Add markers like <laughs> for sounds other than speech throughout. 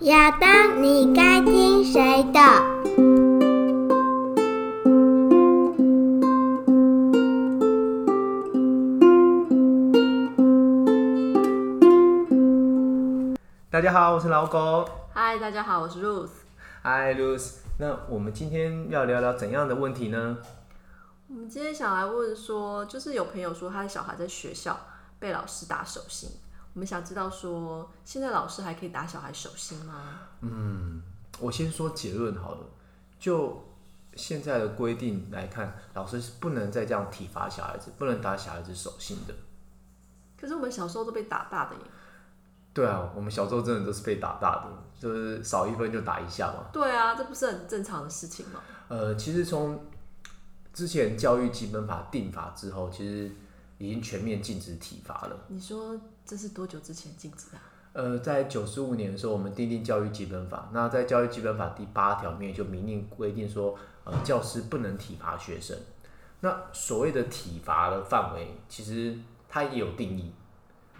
亞當，你該聽誰的？大家好，我是老狗。嗨，大家好，我是 Ruth。嗨，Ruth。那我們今天要聊聊怎樣的問題呢？我們今天想來問說，就是有朋友說，他的小孩在學校被老師打手心。我們想知道說，說現在老師還可以打小孩手心嗎？嗯，我先說結論好了。就現在的規定來看，老師是不能再這樣體罰小孩子，不能打小孩子手心的。可是我們小時候都被打大的耶。對啊，我們小時候真的都是被打大的，就是少一分就打一下嘛。對啊，這不是很正常的事情嗎？呃，其實從之前教育基本法定法之後，其實已經全面禁止體罰了。你說？這是多久之前禁止的啊？呃，在九十五年的時候，我們訂定教育基本法。那在教育基本法第八條裡面，就明令規定說，呃，教師不能體罰學生。那所謂的體罰的範圍，其實它也有定義，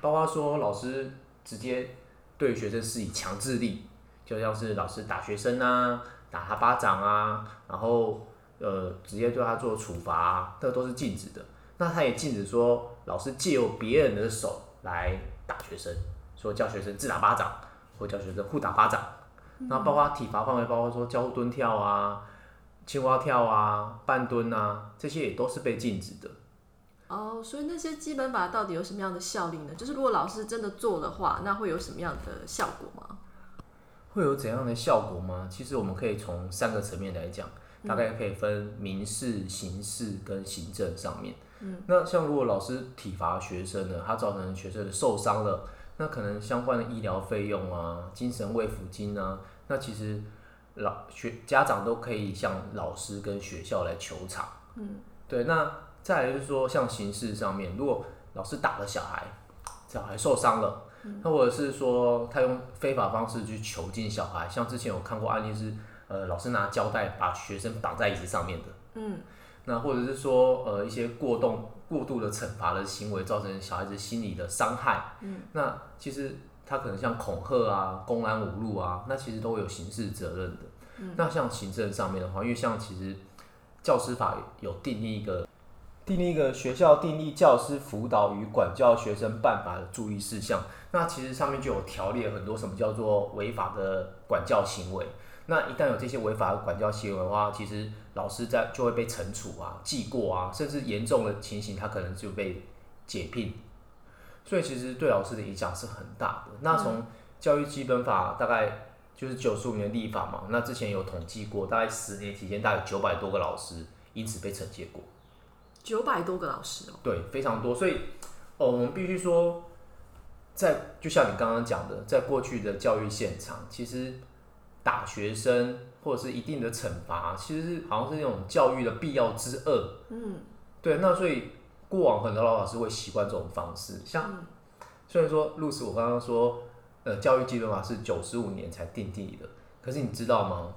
包括說老師直接對學生施以強制力，就像是老師打學生啊，打他巴掌啊，然後呃直接對他做處罰啊，這都是禁止的。那他也禁止說，老師借由別人的手。來打學生，說教學生自打巴掌，或教學生互打巴掌，嗯、那包括體罰範圍，包括說交互蹲跳啊、青蛙跳啊、半蹲啊，這些也都是被禁止的。哦，所以那些基本法到底有什麼樣的效力呢？就是如果老師真的做的話，那會有什麼樣的效果嗎？會有怎樣的效果嗎？嗯、其實我們可以從三個層面來講，大概可以分民事、刑事跟行政上面。嗯、那像如果老師體罰學生呢，他造成學生受傷了，那可能相關的醫療費用啊、精神慰撫金啊，那其實老學家長都可以向老師跟學校來求償。嗯，對。那再來就是說，像刑事上面，如果老師打了小孩，小孩受傷了，嗯、或者是說他用非法方式去囚禁小孩，像之前有看過案例是、呃，老師拿膠帶把學生綁在椅子上面的。嗯那或者是說，呃，一些過動、過度的懲罰的行為，造成小孩子心理的傷害。嗯、那其實他可能像恐嚇啊、公然侮辱啊，那其實都會有刑事責任的。嗯、那像行政上面的話，因為像其實教師法有訂立一個、訂立一個學校訂立教師輔導與管教學生辦法的注意事項，那其實上面就有條列很多什麼叫做違法的管教行為。那一旦有這些違法的管教行為的話，其實老師在就會被懲處啊、記過啊，甚至嚴重的情形，他可能就被解聘。所以其實對老師的影響是很大的。嗯、那從教育基本法大概就是九十五年立法嘛，那之前有統計過，大概十年期間，大概九百多個老師因此被懲戒過。九百多個老師、哦、對，非常多。所以哦，我們必須說，在就像你剛剛講的，在過去的教育現場，其實。打學生或者是一定的懲罰，其實好像是那種教育的必要之惡。嗯，對。那所以過往很多老老師會習慣這種方式。像、嗯、雖然說 Ruth，我剛剛說，呃，教育基本法是九十五年才訂定的，可是你知道嗎？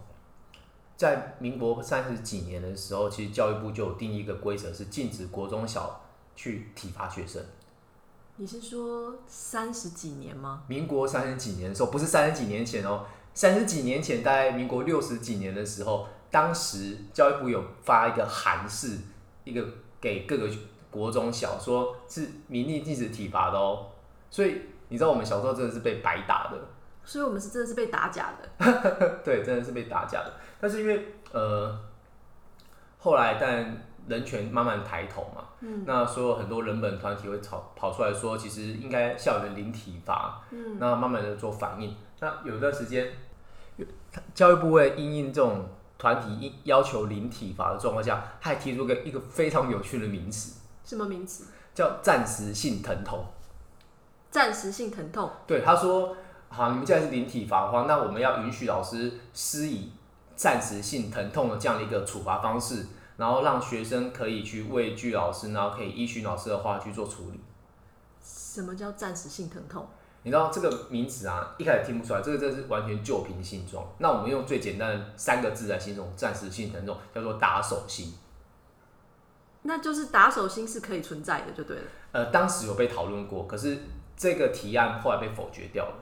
在民國三十幾年的時候，其實教育部就有定一個規則，是禁止國中小去體罰學生。你是說三十幾年嗎？民國三十幾年的時候，不是三十幾年前哦。三十幾年前，大概民國六十幾年的時候，當時教育部有發一個函示，一個給各個國中小說，說是明令禁止體罰的哦、喔。所以你知道，我們小時候真的是被白打的，所以我們是真的是被打假的， <laughs> 對，真的是被打假的。但是因為呃，後來但人權慢慢抬頭嘛，嗯、那所有很多人本團體會跑跑出來說，其實應該校園零體罰，嗯，那慢慢的做反應，那有一段時間。教育部會因應這種團體要求零體罰的狀況下，他還提出個一個非常有趣的名詞。什麼名詞？叫暫時性疼痛。暫時性疼痛。對，他說，好，你們現在是零體罰的話，嗯、那我們要允許老師施以暫時性疼痛的這樣的一個處罰方式，然後讓學生可以去畏懼老師，然後可以依循老師的話去做處理。什麼叫暫時性疼痛？你知道這個名詞啊，一開始聽不出來，這個這是完全舊瓶新裝。那我們用最簡單的三個字來形容暫時性疼痛，叫做打手心。那就是打手心是可以存在的，就對了。呃，當時有被討論過，可是這個提案後來被否決掉了。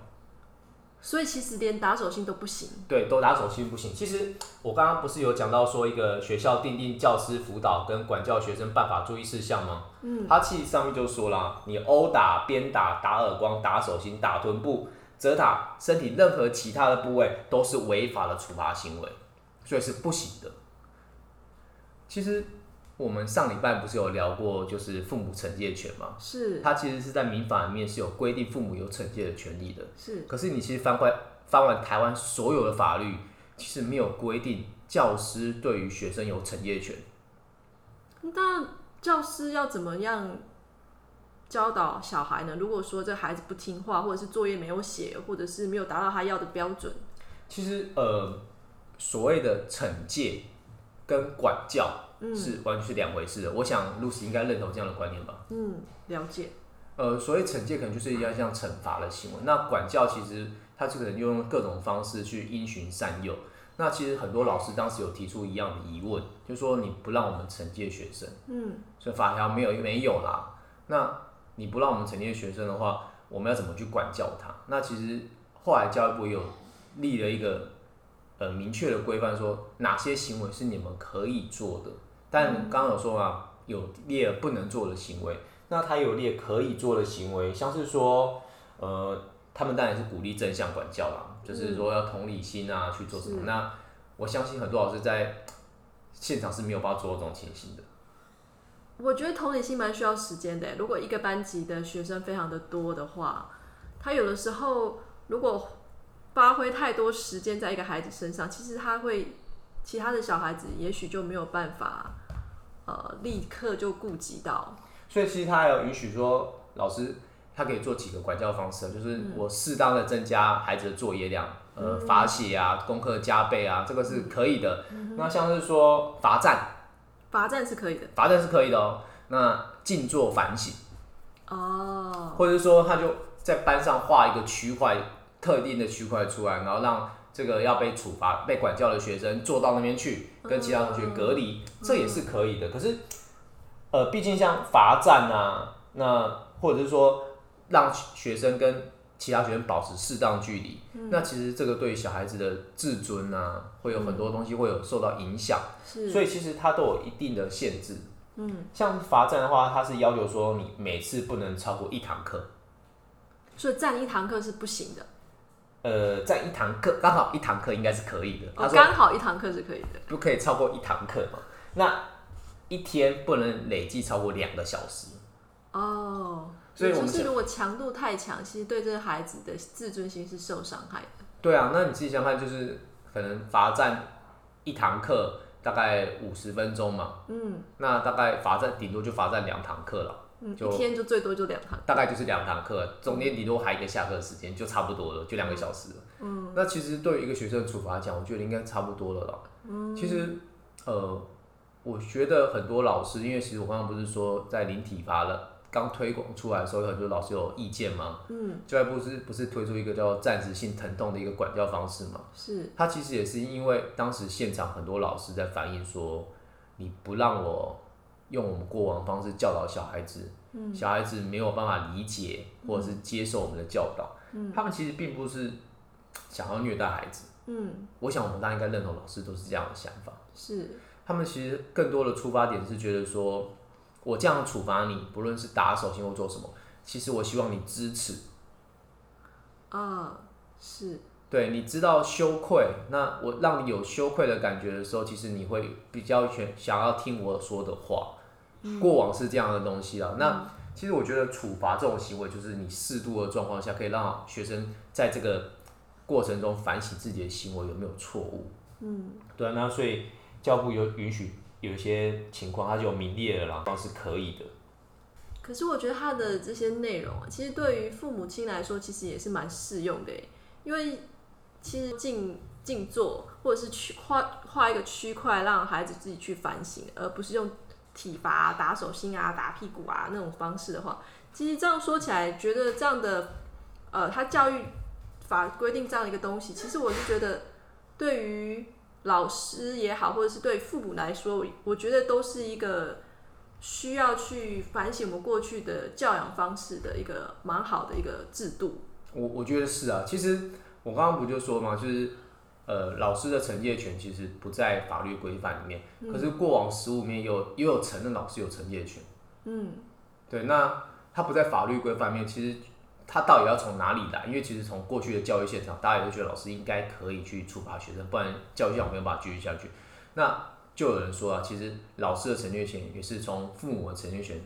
所以其實連打手心都不行，對，都打手心不行。其實我剛剛不是有講到說一個學校訂定，教師輔導跟管教學生辦法注意事項嗎？嗯，他其實上面就說了，你毆打、鞭打、打耳光、打手心、打臀部、遮打身體任何其他的部位都是違法的處罰行為，所以是不行的。其實。我們上禮拜不是有聊過，就是父母懲戒權嘛？是。他其實是在民法裡面是有規定父母有懲戒的權利的。是。可是你其實翻翻翻完台灣所有的法律，其實沒有規定教師對於學生有懲戒權。嗯，那教師要怎麼樣教導小孩呢？如果說這孩子不聽話，或者是作業沒有寫，或者是沒有達到他要的標準。其實呃，所謂的懲戒跟管教。嗯、是完全是兩回事的。我想 Ruth 應該認同這樣的觀念吧？嗯，了解。呃，所以懲戒，可能就是要像懲罰的行為。那管教其實他這個人用各種方式去循循善誘。那其實很多老師當時有提出一樣的疑問，就是說你不讓我們懲戒學生，嗯，所以法條沒有沒有啦。那你不讓我們懲戒學生的話，我們要怎麼去管教他？那其實後來教育部有立了一個呃明確的規範，說哪些行為是你們可以做的。但剛剛有說嘛，有列不能做的行為，那他有列可以做的行為，像是說，呃，他們當然是鼓勵正向管教啦，嗯、就是說要同理心啊，去做什麼。是那我相信很多老師在現場是沒有辦法做這種情形的。我覺得同理心蠻需要時間的、欸。如果一個班級的學生非常的多的話，他有的時候如果發揮太多時間在一個孩子身上，其實他會。其他的小孩子也許就沒有辦法，呃，立刻就顧及到。所以其實他還有允許說，老師他可以做幾個管教方式，就是我適當的增加孩子的作業量，嗯、呃，罰寫啊，功課加倍啊，這個是可以的。嗯嗯、那像是說罰站，罰站是可以的，罰站是可以的哦。那靜坐反省，哦，或者是說他就在班上畫一個區塊，特定的區塊出來，然後讓。這個要被處罰、被管教的學生坐到那邊去，跟其他同學隔離，嗯、這也是可以的。嗯、可是，呃，畢竟像罰站啊，那或者是說讓學生跟其他學生保持適當距離，嗯、那其實這個對小孩子的自尊啊，會有很多東西會有受到影響。是，所以其實它都有一定的限制。嗯，像罰站的話，它是要求說你每次不能超過一堂課，所以站一堂課是不行的。呃，在一堂課，剛好一堂課應該是可以的，哦，他說剛好一堂課是可以的，不可以超過一堂課嘛，那一天不能累計超過兩個小時哦。所以我們，就是如果強度太強，其實對這個孩子的自尊心是受傷害的。對啊，那你自己想想看，就是可能罰站一堂課大概五十分鐘嘛，嗯，那大概罰站頂多就罰站兩堂課了。嗯、一天就最多就兩堂，大概就是兩堂課，中間頂多還一個下課時間，就差不多了，就兩個小時了。嗯，那其實對於一個學生的處罰來講，我覺得應該差不多了吧。嗯，其實，呃，我覺得很多老師，因為其實我剛剛不是說在零體罰了剛推廣出來的時候，有很多老師有意見嘛。嗯，教育部是不是推出一個叫暫時性疼痛的一個管教方式嘛？是，他其實也是因為當時現場很多老師在反映說，你不讓我。用我們過往的方式教導小孩子，嗯、小孩子沒有辦法理解或者是接受我們的教導，嗯、他們其實並不是想要虐待孩子。嗯、我想我們大家應該認同，老師都是這樣的想法。是，他們其實更多的出發點是覺得說，我這樣處罰你，不論是打手心或做什麼，其實我希望你支持。啊、哦，是。對，你知道羞愧，那我讓你有羞愧的感覺的時候，其實你會比較全想要聽我說的話。嗯、過往是這樣的東西啦。嗯、那其實我覺得處罰這種行為，就是你適度的狀況下，可以讓學生在這個過程中反省自己的行為有沒有錯誤。嗯，對啊。那所以教部有允許有一些情況，它就名列了啦，那是可以的。可是我覺得他的這些內容，其實對於父母親來說，嗯、其實也是蠻適用的，因為。其實靜靜坐，或者是去畫畫一個區塊，讓孩子自己去反省，而不是用體罰啊、打手心啊、打屁股啊那種方式的話，其實這樣說起來，覺得這樣的呃，他教育法規定這樣的一個東西，其實我是覺得，對於老師也好，或者是對父母來說，我覺得都是一個需要去反省我們過去的教養方式的一個蠻好的一個制度。我我覺得是啊，其實。我剛剛不就說嘛，就是，呃，老師的懲戒權其實不在法律規範裡面。嗯。可是過往十五年，有也有承認老師有懲戒權。嗯。對，那他不在法律規範面，其實他到底要從哪裡來？因為其實從過去的教育現場，大家也都覺得老師應該可以去處罰學生，不然教育現場沒有辦法繼續下去。那就有人說啊，其實老師的懲戒權也是從父母的懲戒權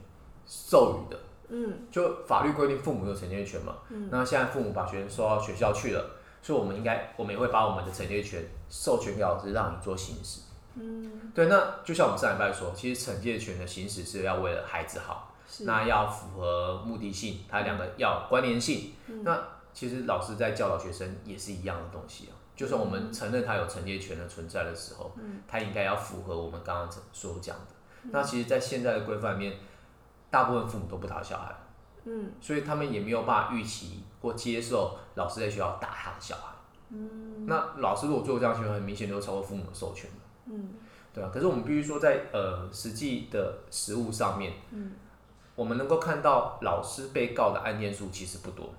授予的。嗯。就法律規定父母有懲戒權嘛。嗯。那現在父母把學生送到學校去了。所以，我們應該，我們也會把我們的懲戒權授權給老師，讓你做行使。嗯，對。那就像我們上禮拜說，其實懲戒權的行使是要為了孩子好，是那要符合目的性，它兩個要關聯性。嗯、那其實老師在教導學生也是一樣的東西，啊嗯、就算我們承認他有懲戒權的存在的時候，嗯，他應該要符合我們剛剛所講的。嗯、那其實，在現在的規範裡面，大部分父母都不打小孩，嗯，所以他們也沒有辦法預期。或接受老師在學校打他的小孩，嗯、那老師如果做這樣行為，很明顯就會超過父母的授權，嗯，對啊。可是我們必須說在，在、嗯、呃實際的實務上面，嗯，我們能夠看到老師被告的案件數其實不多，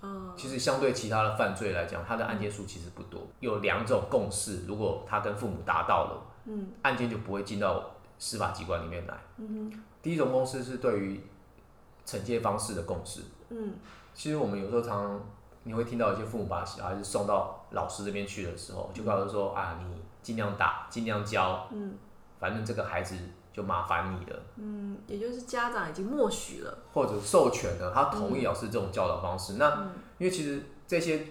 嗯、其實相對其他的犯罪來講，他的案件數其實不多。有兩種共識，如果他跟父母達到了，嗯，案件就不會進到司法機關裡面來。嗯哼，第一種共識是對於懲戒方式的共識，嗯。其實我們有時候常常，你會聽到一些父母把小孩子送到老師這邊去的時候，就告訴說啊，你儘量打，儘量教，嗯，反正這個孩子就麻煩你了，嗯，也就是家長已經默許了或者授權了，他同意老師這種教導方式。嗯、那因為其實這些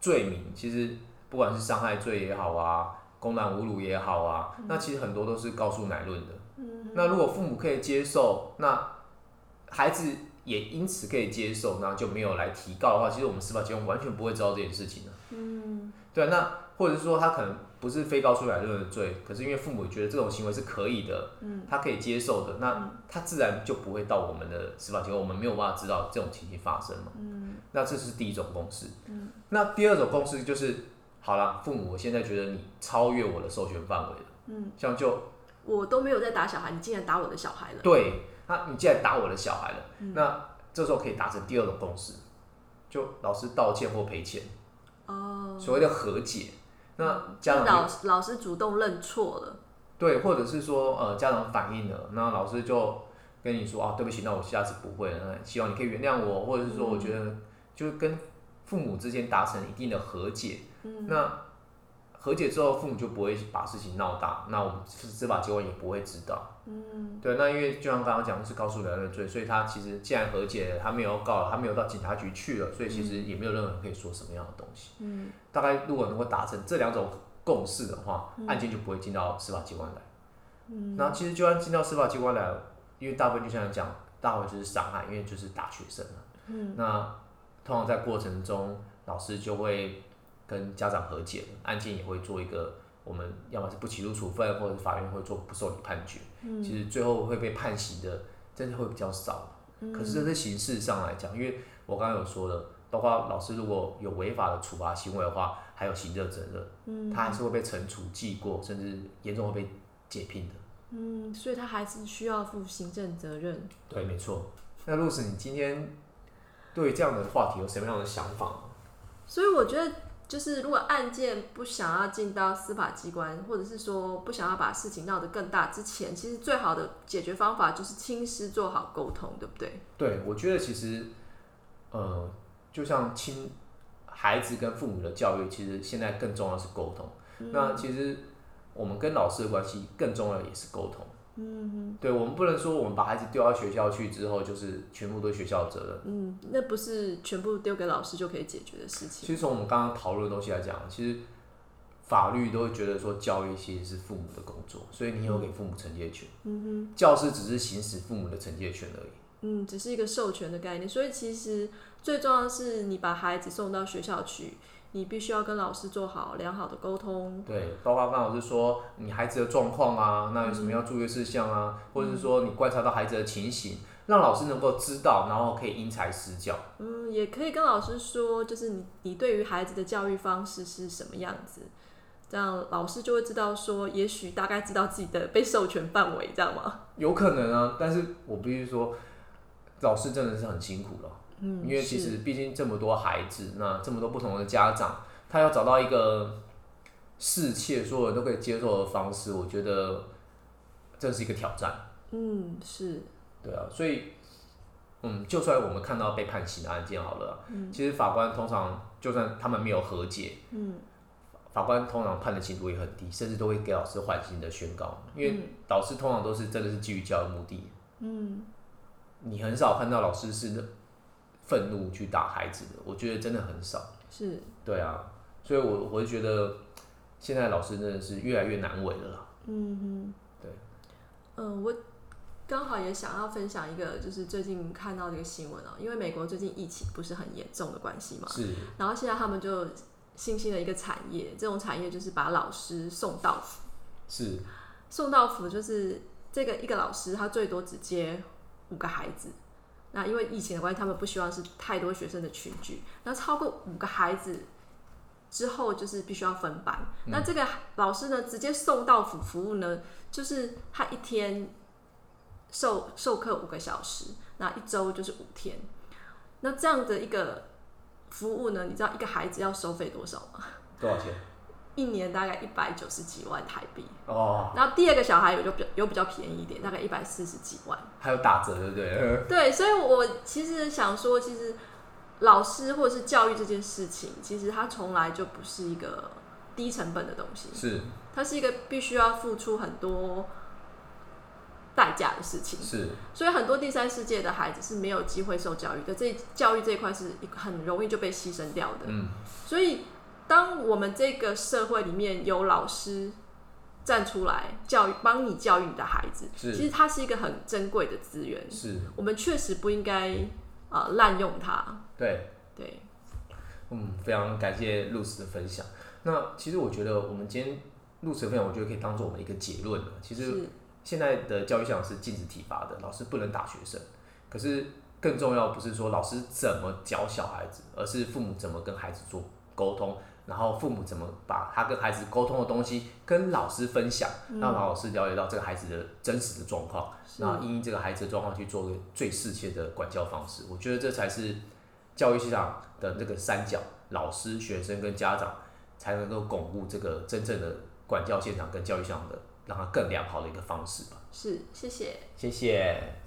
罪名，其實不管是傷害罪也好啊，公然侮辱也好啊，嗯、那其實很多都是告訴乃論的。嗯、哼那如果父母可以接受，那孩子。也因此可以接受，那就沒有來提告的話，其實我們司法機關完全不會知道這件事情的。嗯，對啊，那或者是說他可能不是非告訴乃論的罪，可是因為父母也覺得這種行為是可以的，嗯、他可以接受的，那他自然就不會到我們的司法機關，嗯、我們沒有辦法知道這種情形發生嘛。嗯、那這是第一種公式。嗯，那第二種公式就是，對好了，父母，我現在覺得你超越我的授權範圍了。嗯，像就我都沒有在打小孩，你竟然打我的小孩了。對。那、啊、你既然打我的小孩了，嗯、那這時候可以達成第二種共識，就老師道歉或賠錢，哦，所謂的和解。那家長老、老師主動認錯了，對，或者是說呃家長反映了，那老師就跟你說啊對不起，那我下次不會了，那希望你可以原諒我，或者是說我覺得就跟父母之間達成一定的和解，嗯，那。和解之後，父母就不會把事情鬧大，那我們司法機關也不會知道。嗯、對，那因為就像剛剛講，是告訴人的罪，所以他其實既然和解了，他沒有告，他沒有到警察局去了，所以其實也沒有任何人可以說什麼樣的東西。嗯、大概如果能夠達成這兩種共識的話，嗯、案件就不會進到司法機關來。嗯、那其實就算進到司法機關來，因為大部分就像你講，大部分就是傷害，因為就是打學生了。嗯、那通常在過程中，老師就會。跟家長和解，案件也會做一個，我們要麼是不起訴處分，或者是法院會做不受理判決。嗯，其實最後會被判刑的，真的會比較少。嗯，可是這是刑事上來講，因為我剛剛有說的，包括老師如果有違法的處罰行為的話，還有行政責任，嗯，他還是會被懲處、記過，甚至嚴重會被解聘的。嗯，所以他還是需要負行政責任。對，沒錯。那露絲，你今天對這樣的話題有什麼樣的想法？所以我覺得。就是如果案件不想要進到司法機關，或者是說不想要把事情鬧得更大之前，其實最好的解決方法就是親師做好溝通，對不對？對，我覺得其實，呃，就像親孩子跟父母的教育，其實現在更重要是溝通。嗯。那其實我們跟老師的關係，更重要也是溝通。嗯，對，我們不能說我們把孩子丟到學校去之後，就是全部都是學校責任。嗯，那不是全部丟給老師就可以解決的事情。其實從我們剛剛討論的東西來講，其實法律都會覺得說教育其實是父母的工作，所以你有給父母懲戒權。嗯哼，教師只是行使父母的懲戒權而已。嗯，只是一個授權的概念。所以其實最重要的是你把孩子送到學校去。你必須要跟老師做好良好的溝通，對，包括跟老師說你孩子的狀況啊，那有什麼要注意事項啊，嗯、或者是說你觀察到孩子的情形，嗯、讓老師能夠知道，然後可以因材施教。嗯，也可以跟老師說，就是你你對於孩子的教育方式是什麼樣子，這樣老師就會知道說，說也許大概知道自己的被授權範圍，知道嗎？有可能啊，但是我必須說，老師真的是很辛苦了。嗯，因為其實畢竟這麼多孩子，嗯、那這麼多不同的家長，他要找到一個適切，所有人都可以接受的方式，我覺得這是一個挑戰。嗯，是。對啊，所以，嗯，就算我們看到被判刑的案件好了，嗯、其實法官通常就算他們沒有和解，嗯，法官通常判的刑度也很低，甚至都會給老師緩刑的宣告，因為導師通常都是真的是基於教育目的，嗯，你很少看到老師是憤怒去打孩子的，我覺得真的很少。是，對啊，所以我，我我覺得現在老師真的是越來越難為了。嗯哼，對，嗯、呃，我剛好也想要分享一個，就是最近看到這個新聞啊，因為美國最近疫情不是很嚴重的關係嘛，是。然後現在他們就新興了一個產業，這種產業就是把老師送到府，是，送到府就是這個一個老師他最多只接五個孩子。那因為疫情的關係，他們不希望是太多學生的群聚。那超過五個孩子之後，就是必須要分班。嗯、那這個老師呢，直接送到服服務呢，就是他一天授授課五個小時，那一周就是五天。那這樣的一個服務呢，你知道一個孩子要收費多少嗎？多少錢？一年大概一百九十幾萬台幣哦，Oh. 然後第二個小孩有就比有比較便宜一點，大概一百四十幾萬，還有打折對不對？對，所以，我其實想說，其實老師或者是教育這件事情，其實它從來就不是一個低成本的東西，是它是一個必須要付出很多代價的事情，是。所以很多第三世界的孩子是沒有機會受教育的，這教育這一塊是很容易就被犧牲掉的，嗯，所以。當我們這個社會裡面有老師站出來教育，幫你教育你的孩子，是其實他是一個很珍貴的資源。是，我們確實不應該嗯呃濫用它。對，對，嗯，非常感謝露絲的分享。那其實我覺得我們今天露絲的分享，我覺得可以當做我們一個結論了。其實是現在的教育項目是禁止體罰的，老師不能打學生。可是更重要不是說老師怎麼教小孩子，而是父母怎麼跟孩子做溝通。然後父母怎麼把他跟孩子溝通的東西跟老師分享，嗯、讓老師了解到這個孩子的真實的狀況，那是因應這個孩子的狀況去做個最適切的管教方式。我覺得這才是教育現場的那個三角，老師、學生跟家長才能夠鞏固這個真正的管教現場跟教育現場的讓他更良好的一個方式吧。是，謝謝，謝謝。